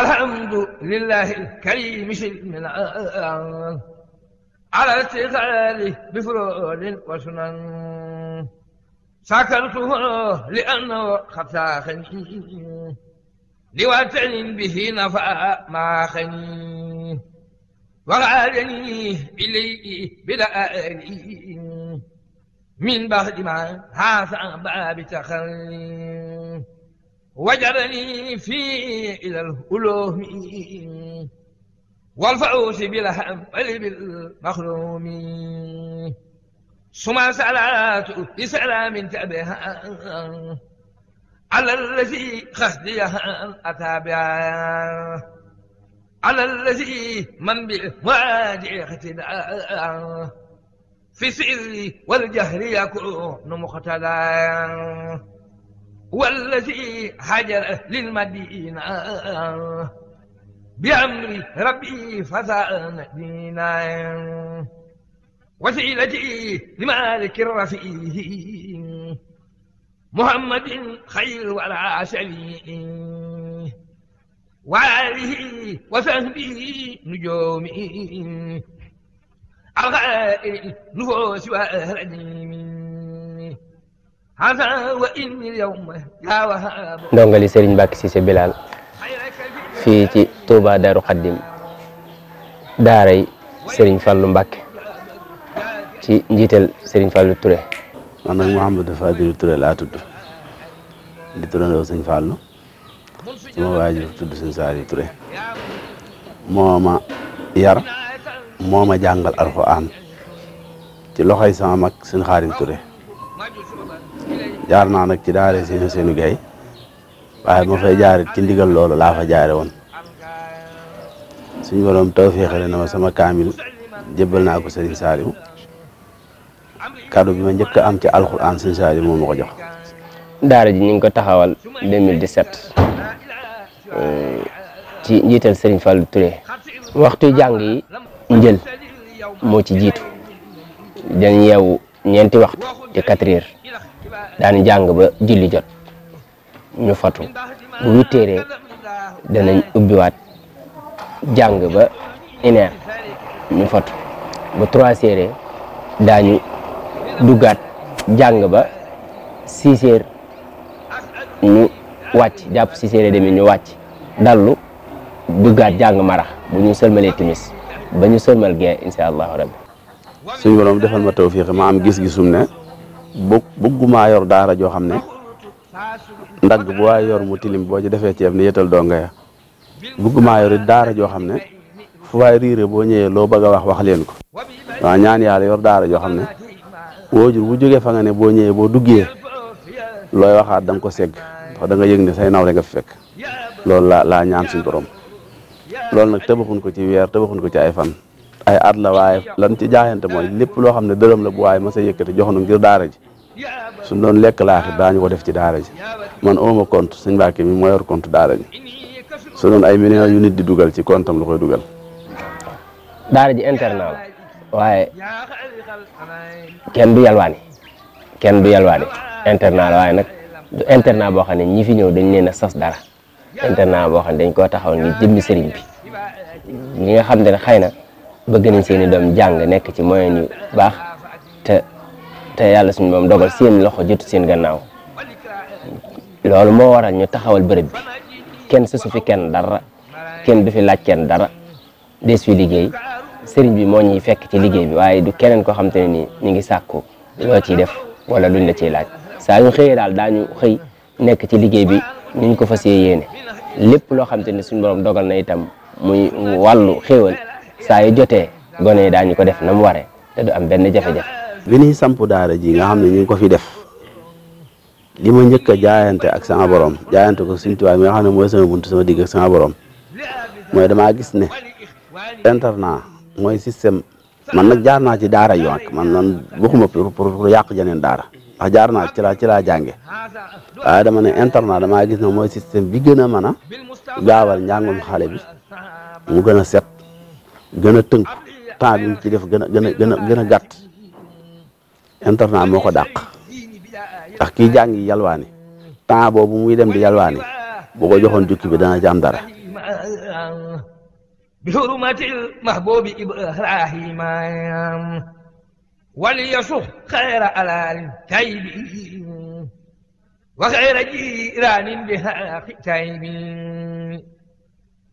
الحمد لله الكريم شلمنا على اتخاذه بفروض وسنن سكرته لأنه خفاخني لوطن به نفع ما خني وغادني إليه بلا آلي من بعد ما هذا باب تخلي wajarani fii ilal ulumi wal fawzi bil hamali bil maxrumi suma salaatu bi salaamin tabiha alal lazi xasdiya ataabiha alal lazi man bi waadi xatida fi sirri wal jahri yakunu muqtada والذي هاجر للمدينة بأمر ربي فزان دينا وسيلتي لمالك الرفيه محمد خير ولا شريك وآله وصحبه نجومه الغائر النفوس وأهل ndongali Serigne Mbacké Cissé Bilal fii ci Touba Darou Khadim daaray Serigne Fallou Mbacké ci njiitel Serigne Fallou Touré. man nag Mouhamadou Fadilou laa tudd di turandoo Serigne Fallou sama waajur tudd Serigne Saliou yar moo ma jàngal ci loxoy sama mak Serigne Xaadim Touré. jaar naa nag ci daara seen seenu gay waaye ma fay jaarit ci ndigal loolu laa fa jaare woon suñu borom tawféexale na ma sama kaamil jébbal naa ko Serigne Saliou kàddu bi ma njëkk a am ci alxuraan Serigne Saliou moom ma ko jox. daara ji ñu ngi ko taxawal 2017 euh, ci njiital Serigne Fallou Touré waxtu jàng yi njël moo ci jiitu dañ yeewu ñeenti waxtu ci 4 heures daani jàng ba julli jot ñu fatu bu witteeree danañ ubbiwaat jàng ba une ñu fatu bu trois heures daañu duggaat jàng ba six ñu wàcc jàpp six heures demi ñu wàcc dallu duggaat jàng marax bu ñu sëlmalee timis ba ñu sëlmal gee incha allahu rabbi suñu borom defal ma tawfiq ma am gis-gisum ne bë bëggumaa yor daara joo xam ne ndag bu waaye yor mu tilim boo ci defee ceeb ni yëtal doo nga ya bëggumaa yor daara joo xam ne fu waay riire boo ñëwee loo bëgg a wax wax leen ko waaw ñaan yàlla yor daara joo xam ne waajur bu jógee fa nga ne boo ñëwee boo duggee looy waxaat da ko segg ndax danga nga yëg ne say nawle nga fi fekk loolu laa laa ñaan suñu borom loolu nag tëbaxun ko ci weer tëbaxun ko ci ay fan ay at la waaye lan ci jaaxante mooy lépp loo xam ne dërëm la bu waaye ma sa yëkkati jox nu ngir daara ji suñ doon lekk laaxit daañu ko def ci daara ji man oma compte suñ Mbàkke mi moo yor compte daara ji ay millions yu nit di dugal ci compte am la koy dugal. daara ji internat la waaye kenn du yalwaani kenn du yalwaani internat la waaye nag du internat boo xam ne ñi fi ñëw dañ leen a sas dara internat boo xam ne dañ koo taxawal ngir jëmmi bi ñi nga xam ne xëy na. bëgg nañ seen i doom jàng nekk ci moyen yu baax te te yàlla suñu moom dogal seen loxo jotu seen gannaaw loolu moo waral ñu taxawal bërëb bi kenn susu fi dara kenn du fi laaj kenn dara des fi liggéey sëriñ bi moo ñuy fekk ci liggéey bi waaye du keneen koo xam te ne nii ñu ngi sàkku loo ciy def wala luñ la ciy laaj saa yu xëyee daal daañu xëy nekk ci liggéey bi ñu ko fas yéene lépp loo xam te ne suñu dogal na itam muy wàllu xéewal saa yu jotee gone yi daañu ko def na mu waree te du am benn jafe-jafe. bi ñuy samp daara ji nga xam ne ñu ko fi def li ma njëkk a jaayante ak sama borom jaayante ko suñu tubaab mi xam ne mooy sama buntu sama digg ak sama borom mooy damaa gis ne internat mooy système man nag jaar naa ci daara yu mag man man waxuma pour pour yàq jeneen daara ndax jaar naa ci laa ci laa jànge waaye dama ne internat damaa gis ne mooy système bi gën a mën a gaawal njàngum bi mu gën gën a tënk temps bi ci def gën a gën a gën a gën a gàtt internat moo ko dàq ndax kii jàngi yalwaani temps boobu muy dem di yalwaani boo ko joxoon jukki bi dana ci dara bi hurmatil mahbubi ibrahima wal yasux xayra alal taybi wa xayra jiranin bi haqi taybi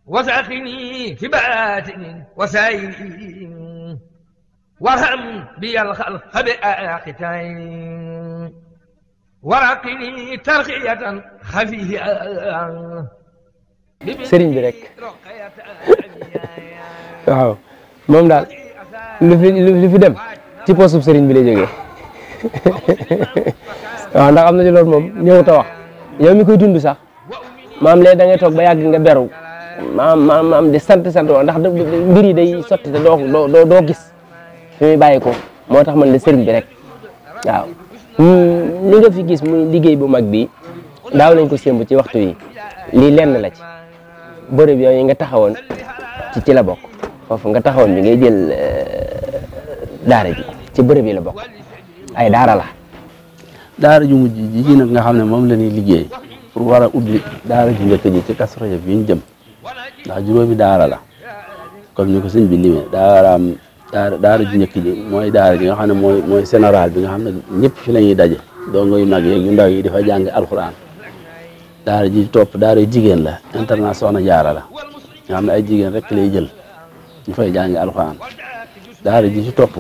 وسخني في باتن وسائرين وارحم بي الخلق بآختين ورقني ترقية خفية sëriñ bi rek waaw moom daal lu fi dem ci poosub sëriñ bi lay jógee waaw ndax am na loolu moom ñëwut a wax mi koy dund sax maam léegi da ba yàgg nga beru maam maam maam di sant sant woon ndax mbir yi day sotti te doo doo doo gis fi muy bàyyi ko moo tax man la sëriñ bi rek waaw li nga fi gis muy liggéey bu mag bi daaw lañ ko sémb ci waxtu yi lii lenn la ci bërëb yooyu nga taxawoon ci ci la bokk foofu nga taxawoon bi ngay jël euh, daara ji ci bërëb yi la bokk ay daara la daara ju mujj ji nag nga xam ne moom la ñuy liggéey pour war a ubbi daara ju njëkk ji ci Kazu Rajab bi ñu jëm ndax juróomi daara la comme ni ko sëñ bi limee daaraam daara daara ju njëkk ji mooy daara ji nga xam ne mooy mooy général bi nga xam ne ñëpp fi la ñuy daje dongo yu mag yeeg yu ndaw yi dafa jàng alxuraan daara ji topp daara yu jigéen la internat Soxna Jaara la nga xam ay jigéen rek lay jël ñu fay jàng alxuraan ji ci topp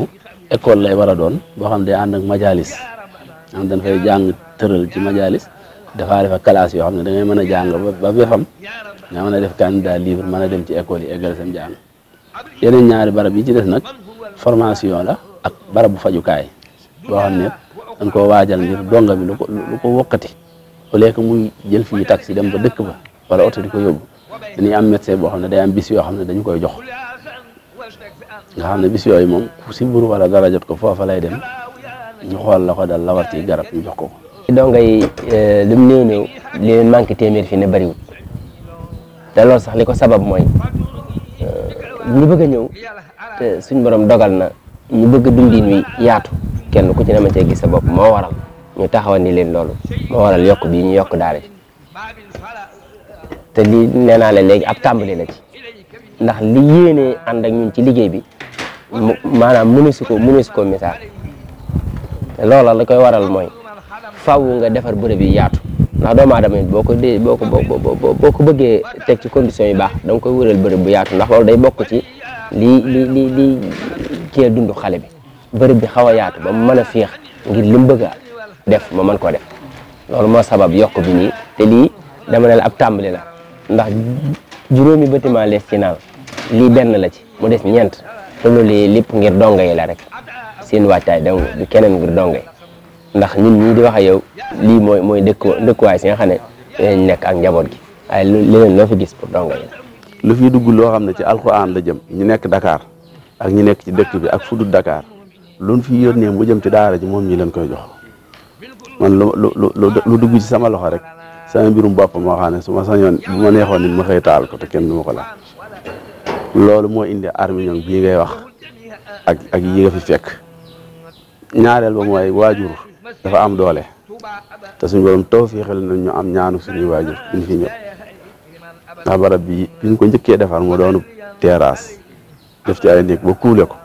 école lay war a doon boo xam ne day ànd ak majalis am dañ fay jàng tëral ci majalis dafaa fa classe yoo xam ne da ngay mën a jàng ba ba xam nga mën a def candidat libre mën a dem ci école yi eggal sam jàng yeneen ñaari barab yi ci des nag formation la ak barabu fajukaay boo xam ne dañ ko waajal ngir donga bi lu ko lu ko wokkati au lieu que muy jël taxi dem ba dëkk ba wala oto di ko yóbbu dañuy am médecin boo xam ne day am bis yoo xam ne dañu koy jox nga xam ne bis yooyu moom bur wala dara jot ko foofa lay dem ñu xool la ko dal la war ci garab ñu jox ko ko. donga yi eh, lu mu néew néew li leen manqué téeméer fii ne bariwul te loolu sax li ko sabab mooy ñu euh, bëgg a ñëw te suñ borom dogal na ñu bëgg dundin wi yaatu kenn ku ci dama cee gis sa bopp moo waral ñu taxawal ni leen loolu moo waral yokk bii ñu yokk daale te lii nee naa leen léegi ab tàmbali la ci ndax li yéenee ànd ak ñun ci liggéey bi maanaam mëneesu ko mëneesu ko misaal te loola la koy waral mooy faw nga defar bërëb yi yaatu ndax doomu aadama it boo ko dee boo ko boo ko bëggee teg ci condition yi baax da nga koy wëral bërëb bu yaatu ndax loolu day bokk ci lii li li lii kii dund xale bi bërëb bi xaw a yaatu ba mu mën a féex ngir li bëgg def ma mën koo def loolu moo sabab yokk bi nii te lii dama ne ab tàmbali la ndax juróomi bâtiment lees ci naaw lii benn la ci mu des ñeent te loolu lépp ngir donga yi la rek seen waajtaay dong du keneen ngir donga yi ndax ñun ñii di wax ak yow lii mooy mooy dëkku dëkkuwaay si nekk ak njaboot gi waaye leneen loo fi gis pour donga lu fi dugg loo xam ne ci alxuraan la jëm ñu nekk Dakar ak ñu nekk ci dëkk bi ak fudut Dakar lu fi yónnee mu jëm ci daara ji moom ñi leen koy jox man lu lu dugg ci sama loxo rek sama mbirum bopp moo xam ne su ma sañoon bu ma neexoon nit ma xëy taal ko te kenn du ma ko laal loolu moo inde arminion bi ngay wax ak ak yi fi fekk ñaareel mooy waajur dafa am doole te suñu borom tawfiixal na ñu am ñaanu suñuy waajur buñ fi bi biñ ko njëkkee defar mu doonu terrasse def ci ay néeg ba kuule ko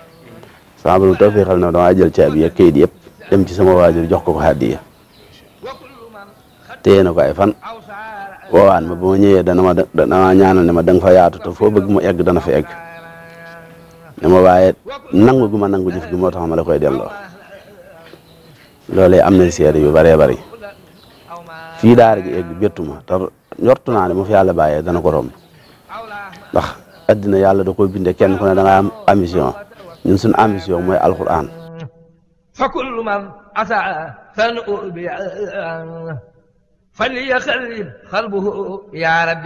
sama borom tawfiixal na dama jël caabi ya kayit yëpp dem ci sama waajur jox ko ko hadiya téye na ko ay fan woowaan ma boo ma ñëwee dana ma dana ñaanal ne ma da nga fa yaatu te foo bëgg mu egg dana fa egg ne ma waaye nangu gu ma nangu jëf gi moo tax ma la koy delloo loolee am na seede yu bëree bëri fii daara ji egg bettuma te njortu naa ne mu fi yàlla bàyyee dana ko romb ndax addina yàlla da ko binde kenn ku ne da nga am ambition ñun suñu ambition mooy alquran fa kullu man asaa fan ubi فليخلب قلبه يا رب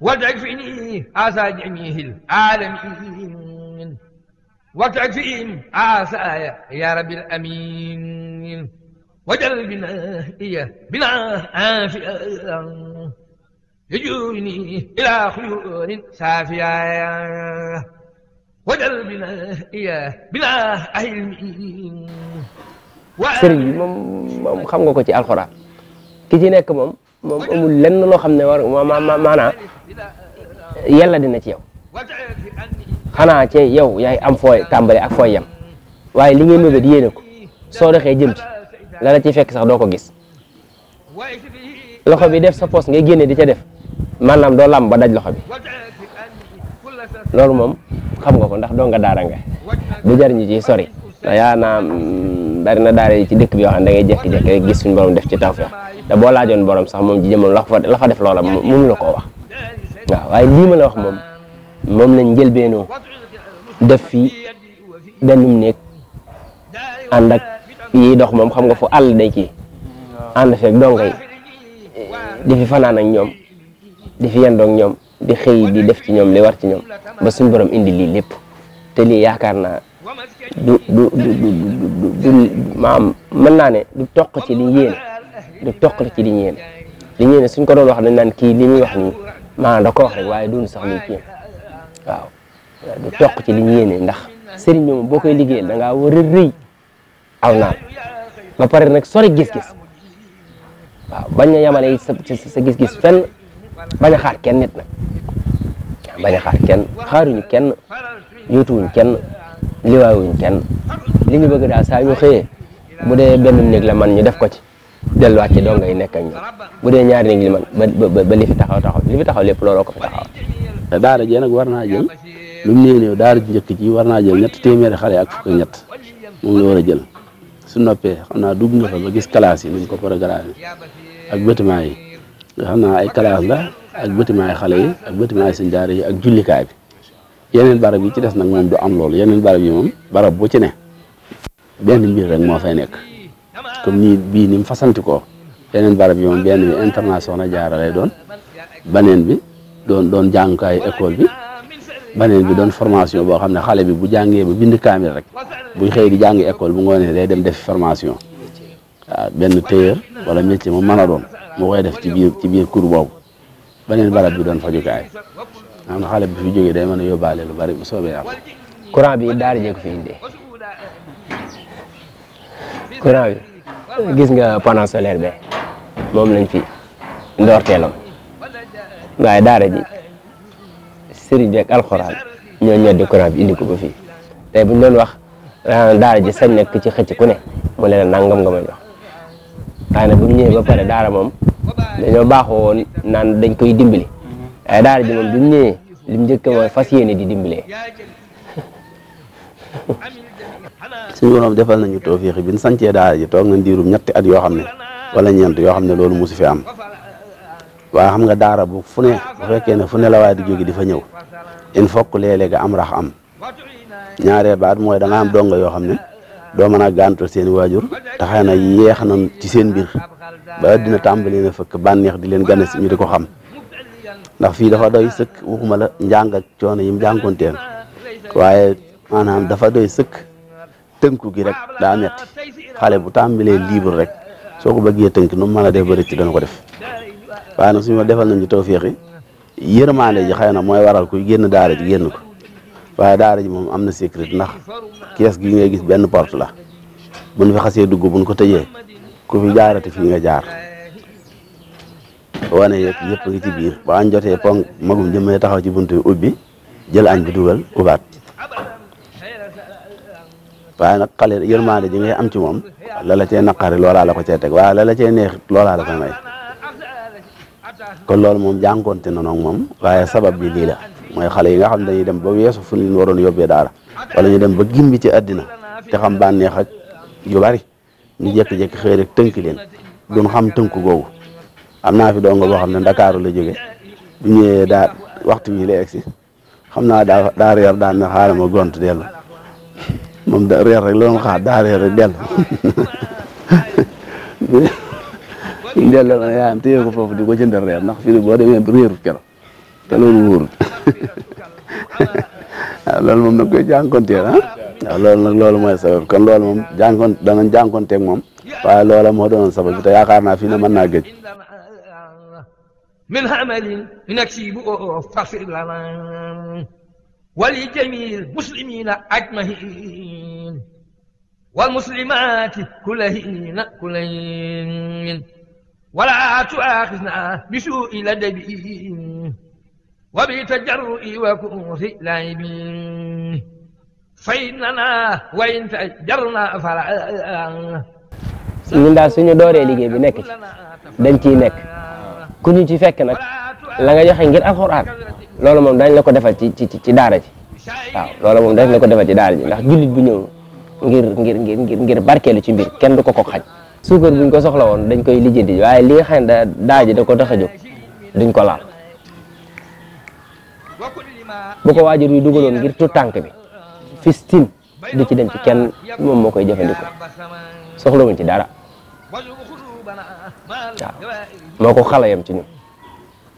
وادع فيني آسى جميع العالمين وتكفيهم عسايا يا رب الأمين وجل بنا إياه بنا عافية يجوني إلى خيول سافيا وجل بنا إياه بنا علم sëriñ bi moom moom xam nga ko ci alxuraan ki ci nekk moom moom amul lenn loo xam ne war ma ma maanaa yàlla dina ci yow xanaa cee yow yaay am fooy tàmbale ak fooy yem waaye li ngay mébét yéene ko soo doxee jëm la la ci fekk sax doo ko gis loxo bi def sa poos ngay génne di ca def maanaam doo lam ba daj loxo bi loolu moom xam nga ko ndax doo nga daara nga du jariñu ci sori ndax yaa naa mm, bari na daara yi ci dëkk bi yoo xam ne da ngay jékki-jékki rek gis suñu borom def ci tawfeex te boo laajoon borom sax moom ji jëmoon la fa def loola mënu la koo wax waaw waaye wax moom moom lañ njëlbeenoo def fii bennum néeg ànd ak yi dox moom xam nga fu àll day kii ànd feeg donga yi di fi fanaan ak ñoom di fi yendoog ñoom di xëy di def ci ñoom li war ci ba suñ borom indi lii lépp te lii yaakaar naa du du du du du maam mën naa ne du toq ci li yéene du toq ci li yéene li suñ ko doon wax dañ naan kii li muy wax nii maanaam da ko wax rek waaye duñu sax li kii waaw du ci li ñu ndax sëriñ bi moom boo koy liggéeyal da ngaa war a rëy aw naan ba pare nag sori gis-gis waaw bañ a yamale sa sa gis-gis fenn bañ a xaar kenn nit nag bañ a xaar kenn xaaruñu kenn yóotuwuñ kenn liwaayuñ kenn li ñu bëgg daal saa ñu xëyee bu dee benn néeg la man ñu def ko ci delluwaat ci dong ngay nekk ak bu dee ñaari néeg li man ba ba li fi taxaw taxaw li fi taxaw lépp looloo ko fi taxaw. te daara jee nag war naa jël lu mu néew néew ji njëkk ji war naa jël ñett téeméeri xale ak fukk ñett moom la war a jël su noppe xam naa dugg nga fa ba gis classe yi ni ñu ko programme ak bâtiment yi xam naa ay classe la ak bâtiment yi xale yi ak bâtiment yi seen yi ak jullikaay bi yeneen barab yi ci des nag moom du am loolu yeneen barab yi moom barab bu ci ne benn mbir rek moo fa nekk comme nii bii ni mu fasanti ko yeneen barab yi moom benn bi international jaara lay doon baneen bi doon doon jàngukaayu école bi beneen bi doon formation boo xam ne xale bi bu jàngee ba bind kaamil rek buy xëy di jàng école bu ngoonee day dem def formation waaw benn tailleur wala métier mu mën a doon mu koy def ci biir ci biir cours boobu beneen barab bi doon fajukaay xam ne xale bi fi jógee day mën a yóbbaale lu bari bu soobee yàlla. courant bi daara jee ko fi indi gis nga panneau solaire be moom lañ fi ndoorteelam. waaye daara ji sëriñ bi ak alxuraan ñoo ñeddi courant bi indi ko ba fi tey bu ñu doon wax ah, daara ji sañ nekk ci xëcc ku ne mu leen nangam nga ma jox waaye nag bu ñu ñëwee ba pare daara moom dañoo baaxoo woon dañ koy dimbali waaye daara ji moom bu ñu ñëwee lim njëkk mooy fas yéene di dimbalee. suñu borom defal nañu tawfiix bi ñu sancee daara ji toog nañ diirum ñetti at yoo xam ne wala ñeent yoo xam ne loolu mosu fi am. waaye xam nga daara bu fu ne bu fekkee ne fu ne la waaye di jóge di fa ñëw il faut que léeg-léeg am rax am ñaaree baat mooy da nga am donga yoo xam ne doo mën a gàntal seen waajur te xëy na yeex nañ ci seen mbir ba dina tàmbali na fëkk bànneex di leen gane si ñu di ko xam ndax fii dafa doy sëkk waxuma la njàng ak coono yi mu jànkonteel waaye maanaam dafa doy sëkk tënku gi rek daa metti xale bu tàmbalee libre rek soo ko bëggee tënk nu mu mën a def ba rëcc dana ko def waaye nag suñu ma defal nañ ci tawféex yi yërmaande ji xëy na mooy waral kuy génn daara ji génn waaye daara ji moom am na sécurité ndax kees gi ngay gis benn porte la buñ fi xasee dugg ko teje ku fi jaarati fii nga jaar wane yëpp yëpp ngi ci biir ba añ jotee ponk magum jëmee taxaw ci buntu ubbi jël añ bi dugal ubaat waaye nag xale yërmaande ji ngay am ci moom lala cee naqari loolaa la ko cee teg waaye lala cee neex loolaa ko may kon loolu moom jànkoonte na noonu moom waaye sabab bi lii la mooy xale yi nga xam ne dañuy dem ba weesu fu ñu waroon yóbbee daara wala ñu dem ba gimbi ci àddina te xam bànneex ak yu bari ñu jékki-jékki xëy rek tënk leen duñ xam tënk googu am naa fi dongo boo xam ne ndakaaru la jóge bu ñëwee daa waxtu wi la egsi xam naa daa daa reer daan na xaaral ma gont dellu reer rek la doon xaar daa reer delloo na yaayam téye ko foofu di ko jëndal loolu wóorut waaw loolu moom nag koy jànkonteel ah moom jànkon loola moo doonoon sabab bi te yaakaar naa fii ne mën naa gëj min amalin yunaksibu faghfir lana wa li jamiil muslimina ajmahin wal muslimaati kullahin kullahin ولا تؤاخذنا بسوء لدبي وبتجرؤي وكؤوس لعبي فإننا وإن تأجرنا فلا ñun daal suñu dooree liggéey bi nekk ci dañ ciy nekk ku ñu ci fekk nag la nga joxe ngir alxuraan loolu moom dañ la ko defal ci ci ci daara ji waaw loolu moom dañ la ko defal ci daara ji ndax jullit bu ñëw ngir ngir ngir ngir barkeelu ci mbir kenn du ko ko xaj suukar buñ ko soxla woon dañ koy lijjanti waaye li nga xam ne daa ji da ko tax a jóg ko laal bu ko waajur wi dugaloon ngir tu tànk bi fistin du ci dem ci kenn moom moo koy jëfandikoo soxlawuñ ci dara waaw moo ko xala yam ci ñun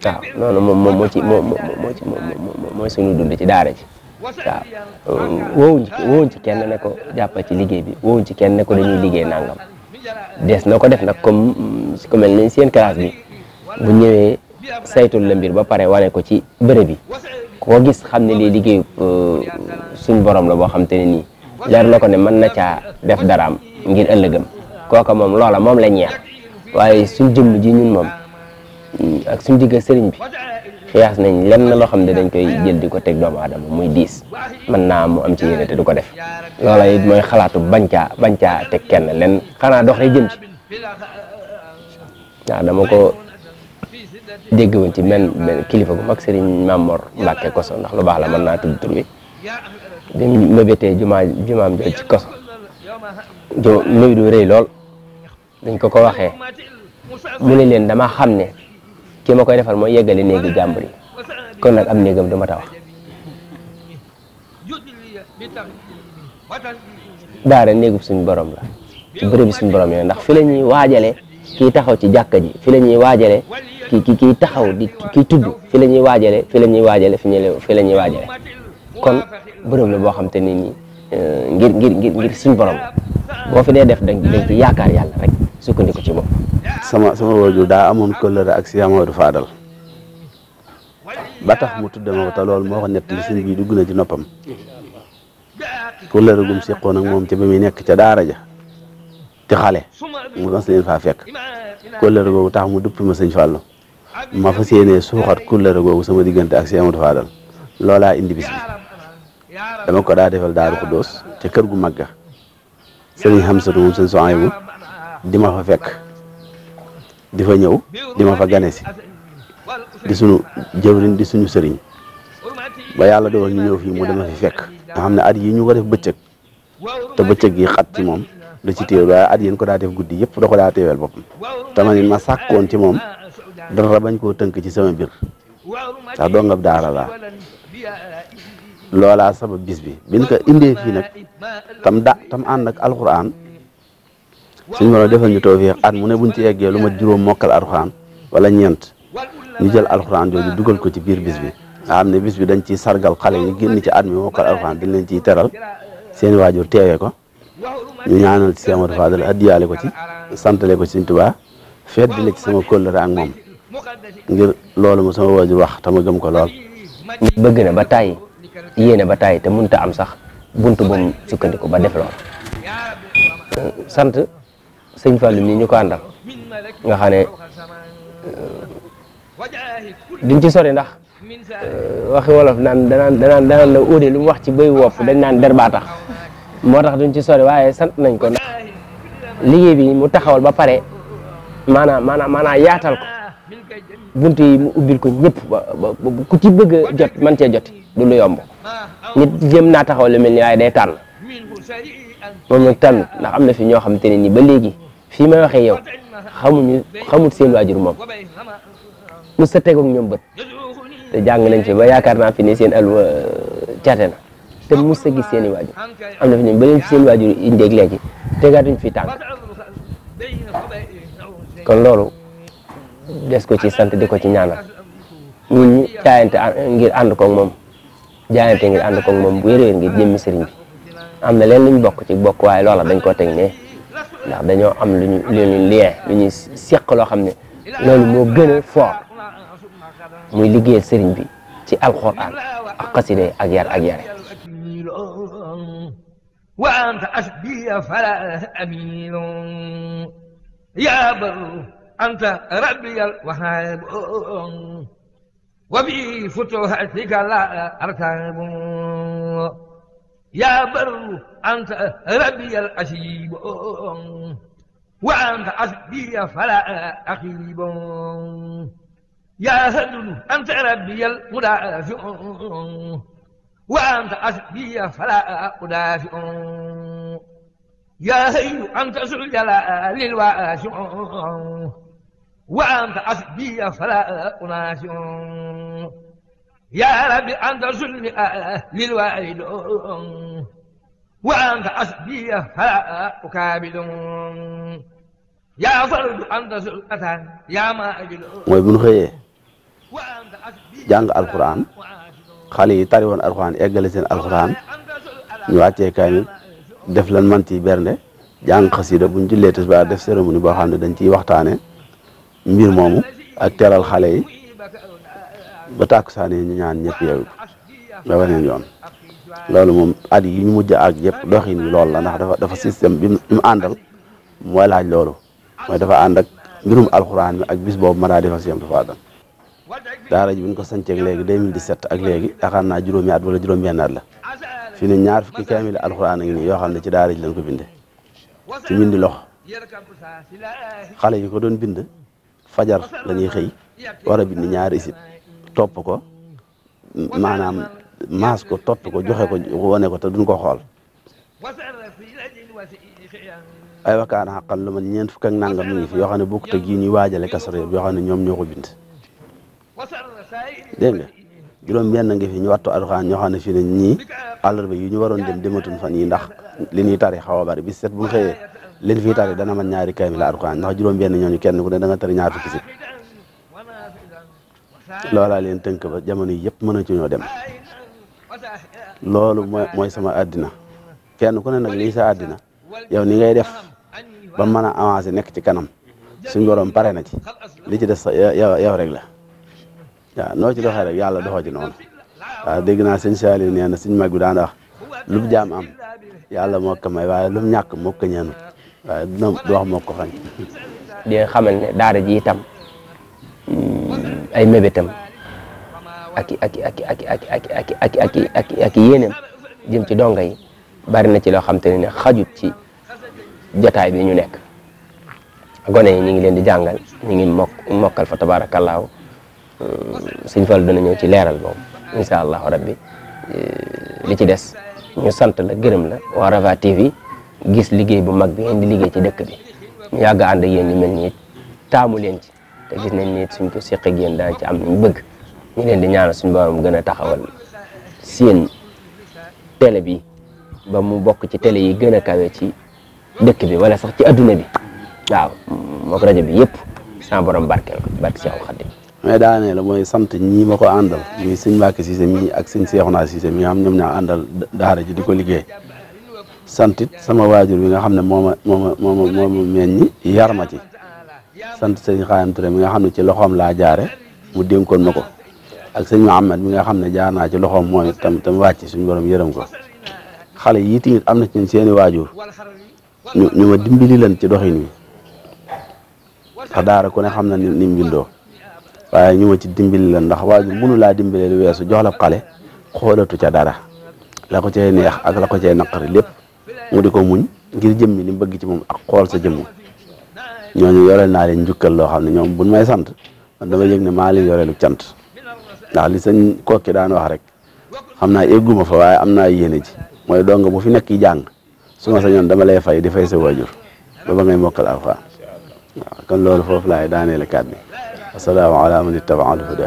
a noonu moom moom moo ci moo moo ci mooy suñu dund ci daara ji waaw woowuñ ci woowuñ ci ne ko jàppal ci liggéey bi woowuñ ci kenn ne ko dañuy liggéey nangam des na ko def nag comme ku mel ni seen classe bi bu ñëwee saytul la mbir ba pare wane ko ci bërëb bi koo gis xam ne lii liggéeyu euh, suñ borom la boo xam te ne nii leer na ko ne mën na caa def daraam ngir ëllëgam kooka moom loola moom la ñeex waaye suñ jëmm ji ñun moom ak suñ digg sëriñ bi xiyaas nañ lenn loo xam ne dañ koy jël di ko teg doomu aadama muy diis man naa mu am ci te du ko de loola it mooy xalaatu bancaa bancaa teg kenn lenn xanaa dox rek jëm na waaw dama ko dégg woon ci men benn kilifa gu mag Serigne Mamor Mbacke koso ndax lu baax la mën naa tudd tur bi bi mu mébétee jumaa jumaam jooju ci koso jo muy du rëy lool dañ ko ko waxee mu ne leen dama xam ne kii ma koy defal mooy yeggale néegi jàmbur yi kon nag am néegam du ma ta wax daara suñu borom la ci bërëb suñu borom yi ndax fi la ñuy waajale kii taxaw ci jàkka ji fi la ñuy waajale ki ki kii taxaw di kii tudd fi la ñuy waajale fi la ñuy waajale fi fi la ñuy waajale kon bërëb la boo xam te ni Euh, ngir ngir ngir ngir suñ boo fi dee def dañ dañ ci yaakaar yàlla rek sukkandiku ci bo sama sama waajur daa amoon kóllëre ak Cheikh Amadou Fadal ba tax mu tudde ma ko te lool moo ko nett li sëñ bi dugg na ci noppam kóllëre gum seqoon ak moom ci ba muy nekk ca daara ja ci xale mu mas leen faa fekk kóllëre googu tax mu duppi ma sëñ Fallou ma fas yéenee sukat kóllëre googu sama diggante ak Cheikh Amadou Fadal loolaa indi dama ko daa defal daaru doos ca kër gu mag ga sëriñ Xamsatu moom sëriñ Sohaybu di ma fa fekk di fa ñëw di fa gane si di sunu jëwriñ di suñu sëriñ ba yàlla dogal ñu ñëw fi mu dama fi fekk nga xam ne at ñu ko def bëccëg te bëccëg yi xat ci moom da ci téewul waaye at yéen ko daa def guddi yëpp da ko daa téewel boppam te man ma sàkkoon ci moom dara bañ koo tënk ci sama mbir ndax dongab daara laa loolaa sabab bis bi biñ ko indee fii nag tam da tam ànd ak alxuraan suñu borom defal ñu tawfiix at mu ne buñ ci eggee lu ma juróom mokkal alxuraan wala ñeent ñu jël alxuraan jooju dugal ko ci biir bis bi am xam ne bis bi dañ ciy sargal xale yi génn ci at mi mokkal alxuraan dañ leen ciy teral seen waajur teewee ko ñu ñaanal ci Amadou Fadal addiyaale ko ci santale ko ci Sëñ feet di la ci sama kóllëre ak moom ngir loolu ma sama waajur wax te ma ko lool. ba tàyyi yéene ba tàyyi te mënut ta am sax buntu bu mu sukkandiku ba def loolu sant sëñ Fallou mii ñu ko àndal nga xam ne euh, duñ ci sori ndax euh, waxi wolof naan danaan danaan danaan la lu mu wax ci béy wopp dañ naan der baa tax moo tax duñ ci sori waaye sant nañ ko ndax liggéey bi mu taxawal ba pare maanaam maanaam yaatal ko bunt yi mu ubbil ko ñëpp ba ku ci bëgg jot man cee jot du lu yomb nit jëm naa taxaw lu mel ni waaye day tànn moom nag tànn ndax am na fi ñoo xamante ne nii ba léegi fii may waxee yow xamuñu xamut seen waajur moom mu sa tegoog ñoom te jàng nañ fi ba yaakaar naa fi ne seen alwa caate na te mu sa gis seen i am na fi ñoom ba léegi seen waajur yi ndéeg léegi tegaatuñ fi tànk loolu des ko ci sant di ko ci ñaanal ñun ñu jaayante ngir ànd koog moom jaayante ngir ànd koog moom bu wér-wér bi am na leen lu ñu bokk ci bokk waaye loola dañ koo teg ne ndax dañoo am lu ñu lu lu ñuy seq loo xam ne loolu moo gën a mu muy liggéeyal sëriñ bi ci alxuraan ak xaside ak yar ak yare أنت ربي الوهاب وبي فتوحتك لا أرتاب يا بر أنت ربي الأشيب وأنت حسبي فلا أخيب يا هدل أنت ربي المدافع وأنت حسبي فلا أدافع يا هي أنت ذو الجلال الواسع وأنت حسبي فلا أناس يا ربي أنت ظلم للوالد وأنت حسبي فلا أكابد يا فرد أنت سلطة يا ماجد mooy bu ñu xëyee jàng alxuraan xale yi tari woon alxuraan eggale seen alxuraan ñu wàccee kaamil def lan man ci bernde jàng xasida bu ñu jullee tisbaar def cérémonie boo xam ne dañ ciy waxtaane mbir moomu ak teral xale yi ba saan yi ñu ñaan ñëpp yeewu ba beneen yoon loolu moom at yi ñu mujj ak yëpp doxin yi loolu la ndax dafa dafa système bi mu àndal mooy loolu mooy dafa ànd ak mbirum alxuraan bi ak bis boobu mara defa siyam dafa àndal daara ji bi ñu ko sancee ak léegi 2017 ak léegi yaakaar naa juróomi at wala la ñaar fukki kaamil alxuraan ak nii yoo xam ne ci daara ji lañ ko binde ci mbind loxo xale yi ko doon bind fajar la ñuy xëy war bind ñaar isib topp ko maanaam maas ko topp ko joxe ko wane ko te duñ ko xool ay wakaana xaqan lu man ñeent fukk ak nangam mi fi yoo xam ne bokkut ak yi ñuy waajale kasar yoo xam ne ñoom ñoo ko bind dégg nga juróom benn ngi fi ñu wattu alxuraan ñoo xam ne ñi ne ñii yi ñu waroon dem dematuñ fan yi ndax li ñuy tari xaw a bari bis set bu ñu liñ fi tari dana man ñaari kaamil alxuraan ndax juróom-benn ñooñu kenn ku ne da nga tari ñaar fukki si loolaa leen tënk ba jamono yi yëpp mëna ci ñoo dem loolu mooy mooy sama àddina kenn ku ne nag lii sa àddina yow ni ngay def bam mën a avancer nekk ci kanam suñ borom pare na ci li ci des sa yow rek la ya noo ci doxee rek yàlla doxoo ci noonu waaw dégg na sëñ Saliou nee na sëñ mag bi daan wax lu mu am yàlla moo ko may waaye lu mu ñàkk moo ko waaye dina wax moo ko xañ di xamal ne daara ji itam ay mébétam ak ak ak ak ak ak ak jëm ci donga yi bari na ci loo xam te ne xajut ci jotaay bi ñu nekk gone yi ñu ngi leen di jàngal ñu ngi mokk mokkal fa tabaarakallaahu suñ fal ñëw ci leeral boobu incha allahu rabbi li ci des ñu sant la gërëm la waa Rava TV gis liggéey bu mag bi ngeen di liggéey ci dëkk bi ñu yàgg ànd ak yéen ñu mel nii taamu leen ci te gis nañ ni suñ ko seqee ak yéen ci am ñu bëgg ñu leen di ñaanal suñu borom gën a taxawal seen tele bi ba mu bokk ci tele yi gën a kawe ci dëkk bi wala sax ci adduna bi waaw mook rajo bi yëpp sans borom barkeel ko barke Seexul Xaadim daa daanee la mooy sant ñii ma ko àndal muy sëñ Mbàkke Cissé mi ak sëñ Seexuna Cissé mi nga xam ñoom ñaa àndal daara ji di ko liggéey santit sama waajur bi nga xam ne moo ma moo ma moo ma moo ma meññi yar ci sant sëñ Xaayam Touré nga xam ne ci loxoom laa jaare mu dénkoon ma ko ak sëñ Muhammad mi nga xam ne jaar naa ci loxoom moom itam tam wàcc suñu borom yërëm ko xale yii tamit am na ci seeni waajur ñu ñu ma dimbali leen ci doxin wi ndax daara ku ne xam na ni mu bindoo waaye ñu ma ci dimbali leen ndax waajur mënu laa dimbali lu weesu jox la xale xoolatu ca dara la ko cay neex ak la ko cay naqari lépp. mu di ko muñ ngir jëmmi li mu bëgg ci moom ak xool sa jëmm ñooñu yore naa leen njukkal loo xam ne ñoom buñ may sant man dama yëg ne maa leen yoreelu cant ndax ko sëñ kokki daan wax rek xam naa egguma fa waaye am naa yéene ji mooy dong bu fi nekk jàng su ma sañoon dama lay fay di fay sa waajur ba ba ngay mokkal alxuraan waaw kon loolu foofu laay daaneel kàddu assalaamu ala man ittaba al huda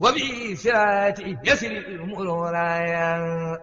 وبصراطه يسر المرورا